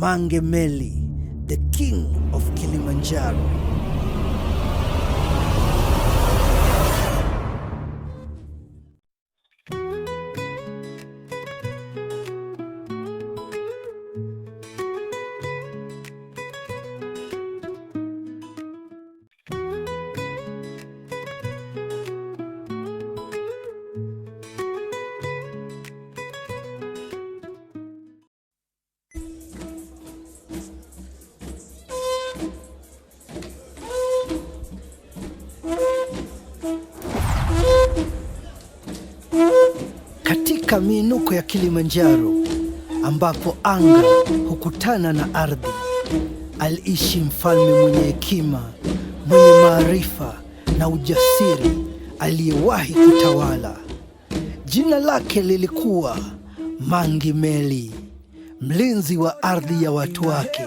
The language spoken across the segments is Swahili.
Mange Meli, the king of Kilimanjaro. katika miinuko ya Kilimanjaro ambapo anga hukutana na ardhi, aliishi mfalme mwenye hekima, mwenye maarifa na ujasiri aliyewahi kutawala. Jina lake lilikuwa Mangi Meli, mlinzi wa ardhi ya watu wake.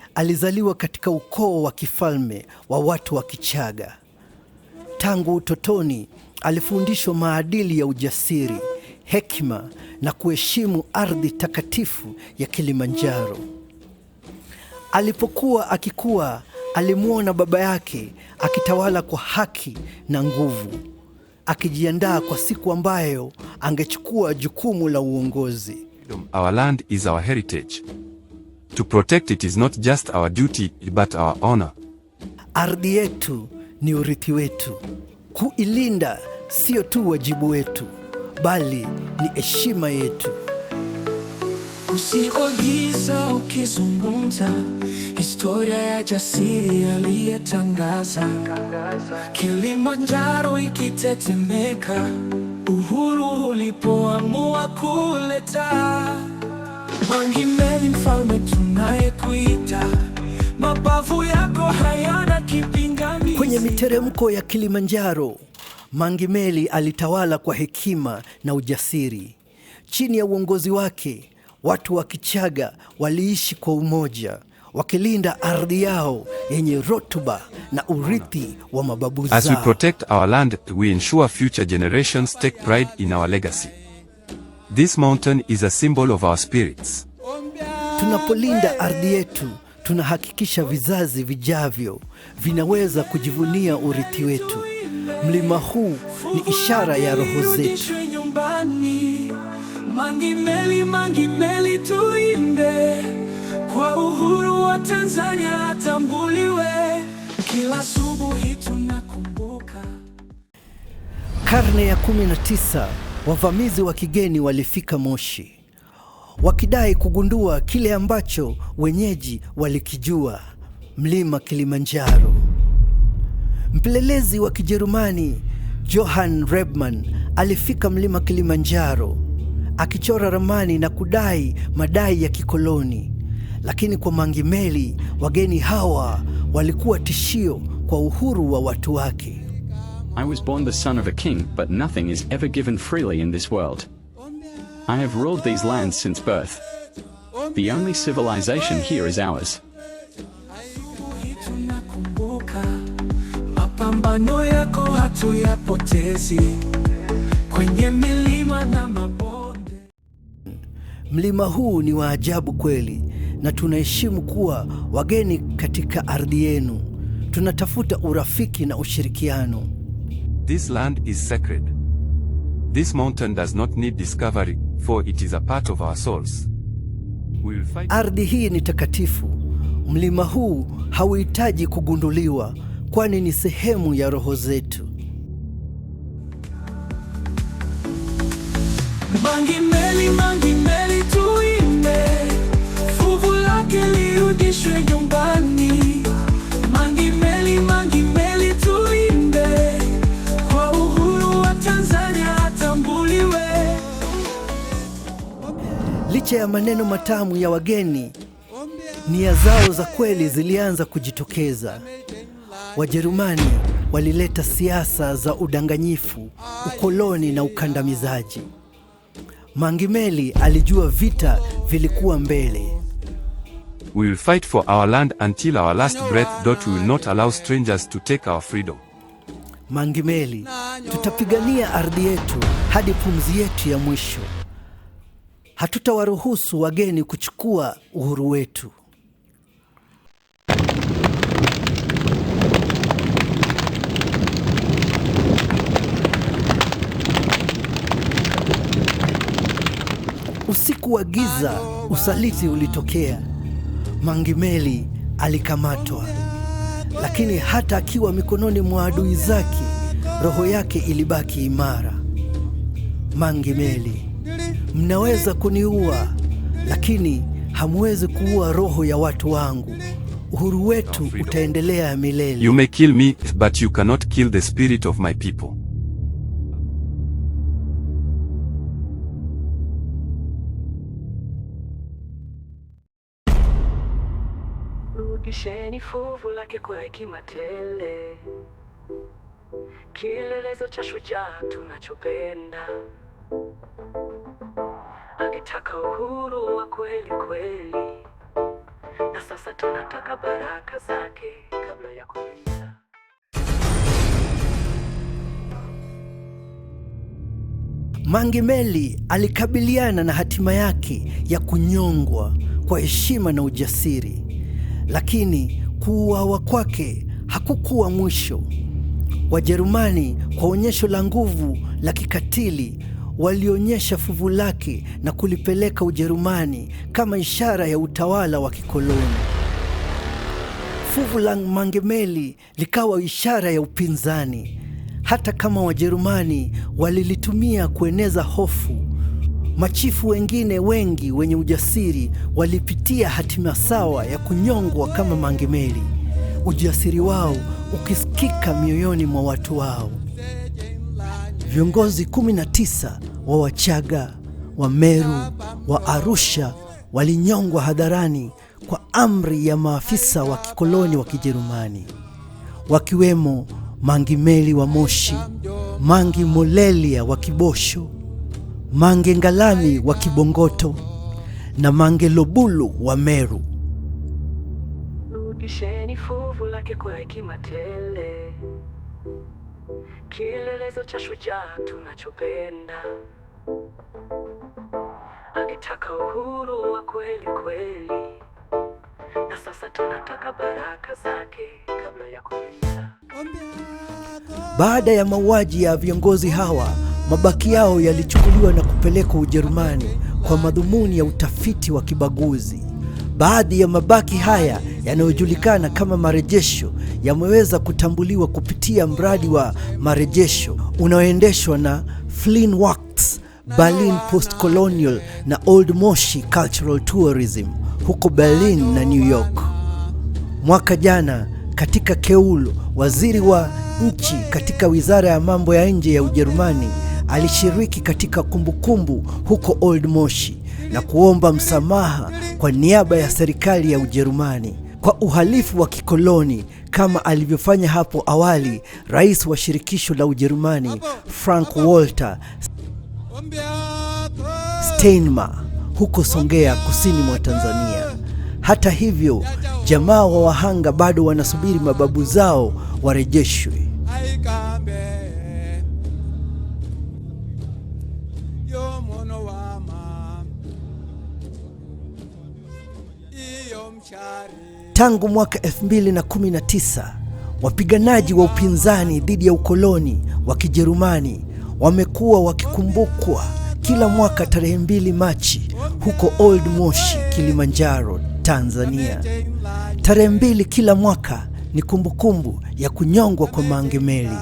Alizaliwa katika ukoo wa kifalme wa watu wa Kichaga. Tangu utotoni alifundishwa maadili ya ujasiri, hekima na kuheshimu ardhi takatifu ya Kilimanjaro. Alipokuwa akikua, alimwona baba yake akitawala kwa haki na nguvu, akijiandaa kwa siku ambayo angechukua jukumu la uongozi. Our land is our heritage. To protect it is not just our duty, but our honor. Ardhi yetu ni urithi wetu. Kuilinda sio tu wajibu wetu, bali ni heshima yetu. Usiogiza ukizungumza historia ya jasiri aliyetangaza, Kilimanjaro ikitetemeka, uhuru ulipoamua kuleta mfalme tunayekuita, mabavu yako hayana kipingamizi. Kwenye miteremko ya Kilimanjaro, mangi meli alitawala kwa hekima na ujasiri. Chini ya uongozi wake, watu wa Kichaga waliishi kwa umoja, wakilinda ardhi yao yenye rotuba na urithi wa mababu zao. As we protect our land, we ensure future generations take pride in our legacy. This mountain is a symbol of our spirits. Tunapolinda ardhi yetu, tunahakikisha vizazi vijavyo vinaweza kujivunia urithi wetu. Mlima huu ni ishara ya roho zetu. Mangi Meli, Mangi Meli, tuimbe kwa uhuru wa Tanzania atambuliwe. Kila subuhi, tunakumbuka karne ya 19 Wavamizi wa kigeni walifika Moshi wakidai kugundua kile ambacho wenyeji walikijua, mlima Kilimanjaro. Mpelelezi wa Kijerumani Johann Rebmann alifika mlima Kilimanjaro akichora ramani na kudai madai ya kikoloni, lakini kwa Mangi Meli, wageni hawa walikuwa tishio kwa uhuru wa watu wake. I was born the son of a king, but nothing is ever given freely in this world. I have ruled these lands since birth. The only civilization here is ours. Mlima huu ni wa ajabu kweli na tunaheshimu kuwa wageni katika ardhi yenu. Tunatafuta urafiki na ushirikiano. This land is sacred. This mountain does not need discovery, for it is a part of our souls. We'll fight... Ardhi hii ni takatifu. Mlima huu hauhitaji kugunduliwa, kwani ni sehemu ya roho zetu. ya maneno matamu ya wageni, nia zao za kweli zilianza kujitokeza. Wajerumani walileta siasa za udanganyifu, ukoloni na ukandamizaji. Mangimeli alijua vita vilikuwa mbele. fight for our land until our last breath dot will not allow strangers to take our freedom. Mangimeli, tutapigania ardhi yetu hadi pumzi yetu ya mwisho hatutawaruhusu wageni kuchukua uhuru wetu. Usiku wa giza, usaliti ulitokea. mangi meli alikamatwa, lakini hata akiwa mikononi mwa adui zake, roho yake ilibaki imara. Mangimeli Mnaweza kuniua, lakini hamwezi kuua roho ya watu wangu. Uhuru wetu utaendelea milele. You may kill me, but you cannot kill the spirit of my people. Rudisheni fuvu lake kwa hekima tele, kielelezo cha shujaa tunachopenda. Tulitaka uhuru wa kweli kweli, na sasa tunataka baraka zake kabla ya kuingia. Mangi Meli alikabiliana na hatima yake ya kunyongwa kwa heshima na ujasiri, lakini kuuawa kwake hakukuwa mwisho. Wajerumani, kwa onyesho la nguvu la kikatili walionyesha fuvu lake na kulipeleka Ujerumani kama ishara ya utawala wa kikoloni. Fuvu la Mangemeli likawa ishara ya upinzani, hata kama Wajerumani walilitumia kueneza hofu. Machifu wengine wengi wenye ujasiri walipitia hatima sawa ya kunyongwa kama Mangemeli, ujasiri wao ukisikika mioyoni mwa watu wao viongozi 19 wa Wachaga, wa Meru, wa Arusha walinyongwa hadharani kwa amri ya maafisa wa kikoloni wa Kijerumani, wakiwemo Mangi Meli wa Moshi, Mangi Molelia wa Kibosho, Mange Ngalami wa Kibongoto na Mange Lobulu wa Meru. Rudisheni fuvu lake kwa hekima tele kielelezo cha shujaa tunachopenda, akitaka uhuru wa kweli kweli, na sasa tunataka baraka zake kabla ya kuenda. Baada ya mauaji ya viongozi hawa, mabaki yao yalichukuliwa na kupelekwa Ujerumani kwa madhumuni ya utafiti wa kibaguzi. Baadhi ya mabaki haya yanayojulikana kama marejesho yameweza kutambuliwa kupitia mradi wa marejesho unaoendeshwa na Flynn Works, Berlin Postcolonial na Old Moshi Cultural Tourism huko Berlin na New York. Mwaka jana katika Keulu, waziri wa nchi katika wizara ya mambo ya nje ya Ujerumani alishiriki katika kumbukumbu huko Old Moshi na kuomba msamaha kwa niaba ya serikali ya Ujerumani kwa uhalifu wa kikoloni kama alivyofanya hapo awali rais wa shirikisho la Ujerumani Frank Walter Steinmeier huko Songea kusini mwa Tanzania. Hata hivyo, jamaa wa wahanga bado wanasubiri mababu zao warejeshwe. Tangu mwaka 2019 wapiganaji wa upinzani dhidi ya ukoloni wa Kijerumani wamekuwa wakikumbukwa kila mwaka tarehe 2 Machi huko Old Moshi, Kilimanjaro, Tanzania. Tarehe mbili kila mwaka ni kumbukumbu ya kunyongwa kwa Mange Meli,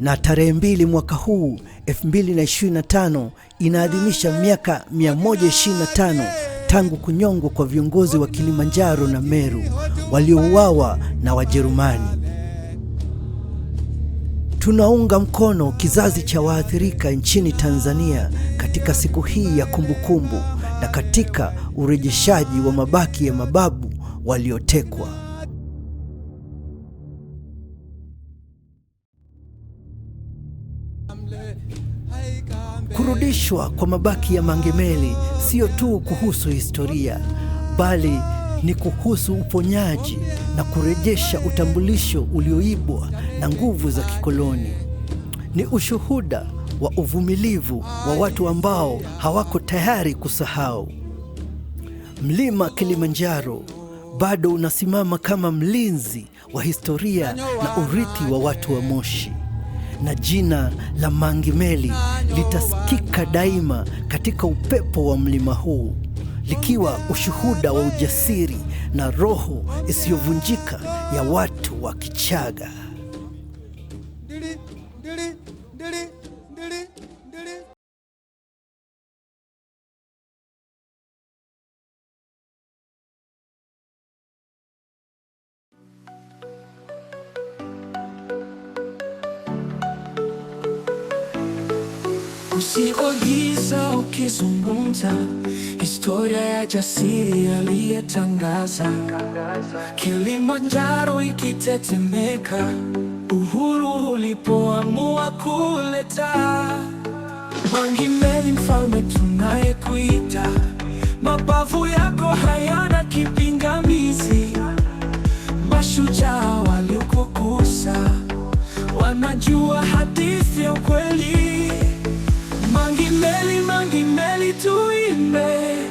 na tarehe mbili mwaka huu 2025 inaadhimisha miaka 125 tangu kunyongwa kwa viongozi wa Kilimanjaro na Meru waliouawa na Wajerumani. Tunaunga mkono kizazi cha waathirika nchini Tanzania katika siku hii ya kumbukumbu na katika urejeshaji wa mabaki ya mababu waliotekwa. Kuchapishwa kwa mabaki ya mangemeli sio tu kuhusu historia, bali ni kuhusu uponyaji na kurejesha utambulisho ulioibwa na nguvu za kikoloni. Ni ushuhuda wa uvumilivu wa watu ambao hawako tayari kusahau. Mlima Kilimanjaro bado unasimama kama mlinzi wa historia na urithi wa watu wa Moshi na jina la Mangimeli litasikika daima katika upepo wa mlima huu, likiwa ushuhuda wa ujasiri na roho isiyovunjika ya watu wa Kichaga. Usiogiza ukizungumza historia ya jasiri aliyetangaza, Kilimanjaro ikitetemeka, uhuru ulipoamua kuleta. Mangi Meli, mfalme tunayekuita, mabavu yako hayana kipingamizi. Mashujaa waliokukusa wanajua hadithi ya ukweli. Imelima ngimeli tuimbe,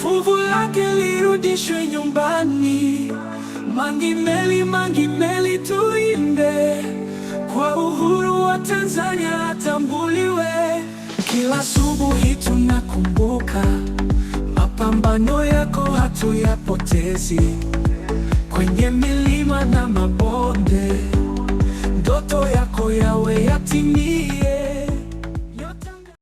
fuvu lake lirudishwe nyumbani. Mangimeli, Mangimeli tuimbe, kwa uhuru wa Tanzania atambuliwe. Kila subuhi tunakumbuka mapambano yako, hatuyapotezi kwenye milima na mabonde, ndoto yako yawe yatimie.